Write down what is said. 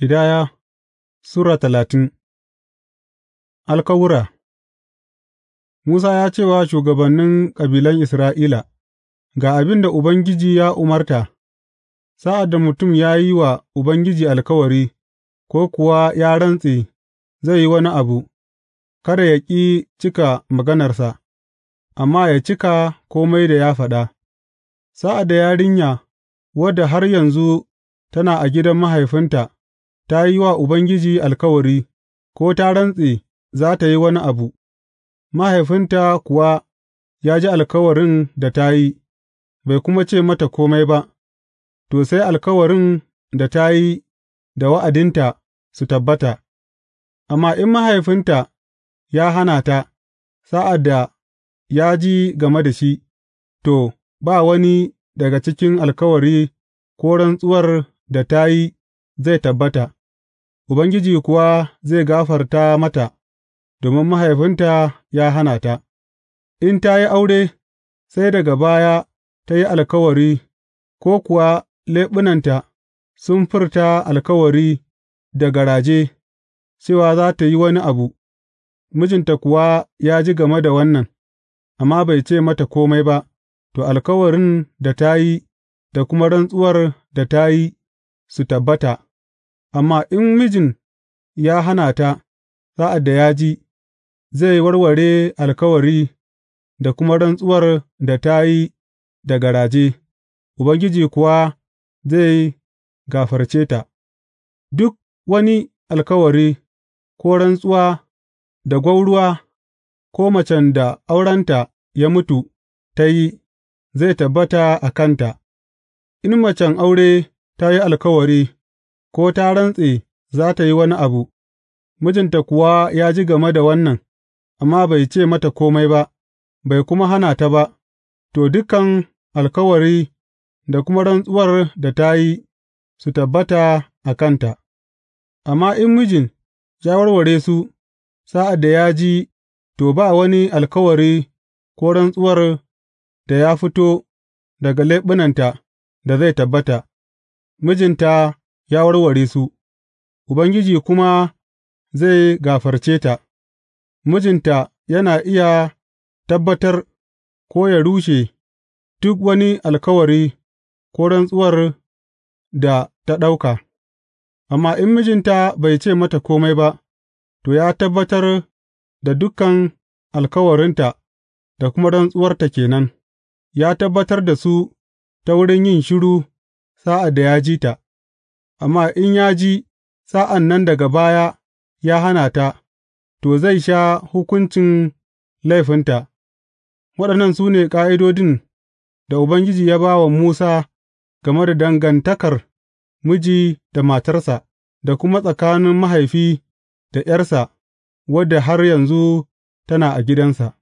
Ƙidaya Sura talatin Alkawura Musa ya ce wa shugabannin kabilan Isra'ila, Ga abin da Ubangiji ya umarta, sa'ad da mutum ya yi wa Ubangiji alkawari, ko kuwa ya rantse zai yi wani abu, kada ya ƙi cika maganarsa, amma ya cika kome da ya faɗa. Sa'ad da yarinya, wadda har yanzu tana a gidan mahaifinta, ta yi wa Ubangiji alkawari, ko ta rantse za tă yi wani abu, mahaifinta kuwa ya ji alkawarin da ta yi, bai kuma ce mata kome ba, to, sai alkawarin da ta yi da wa'adinta su tabbata, amma in mahaifinta ya hana ta, sa'ad da ya ji game da shi, to, ba wani daga cikin alkawari ko rantsuwar da ta yi zai tabbata. Ubangiji kuwa zai gafarta mata domin mahaifinta ya hana ta, in ta yi aure, sai daga baya ta yi alkawari, ko kuwa leɓunanta sun furta alkawari da garaje, cewa za ta yi wani abu, mijinta kuwa ya ji game da wannan, amma bai ce mata kome ba, to, alkawarin da ta yi da kuma rantsuwar da ta yi, su tabbata. Amma in mijin ya hana ta sa'ad da ya ji, zai warware alkawari da kuma rantsuwar da ta yi da garaje, Ubangiji kuwa zai gafarce ta duk wani alkawari, ko rantsuwa da gwauruwa ko macen da aurenta ya mutu ta yi, zai tabbata a kanta, in macen aure ta yi alkawari. ko ta rantse za tă yi wani abu, mijinta kuwa ya ji game da wannan, amma bai ce mata kome ba, bai kuma hana ta ba, to, dukan alkawari da kuma rantsuwar da ta yi su tabbata a kanta, amma in mijin ya warware su sa'ad da ya ji, to, ba wani alkawari ko rantsuwar da ya fito daga leɓunanta da zai tabbata, mijinta ya warware su, Ubangiji kuma zai gafarce ta, mijinta yana iya tabbatar ko ya rushe duk wani alkawari ko rantsuwar da ta ɗauka, amma in mijinta bai ce mata komai ba, to, ya tabbatar da dukan alkawarinta da kuma rantsuwarta kenan, ya tabbatar da su ta wurin yin shiru sa'ad da ya ji ta. amma in ya ji sa'an nan daga baya ya hana ta, to, zai sha hukuncin laifinta, waɗannan su ne ƙa'idodin da Ubangiji ya ba wa Musa game da dangantakar miji da matarsa, da kuma tsakanin mahaifi da ’yarsa, wadda har yanzu tana a gidansa.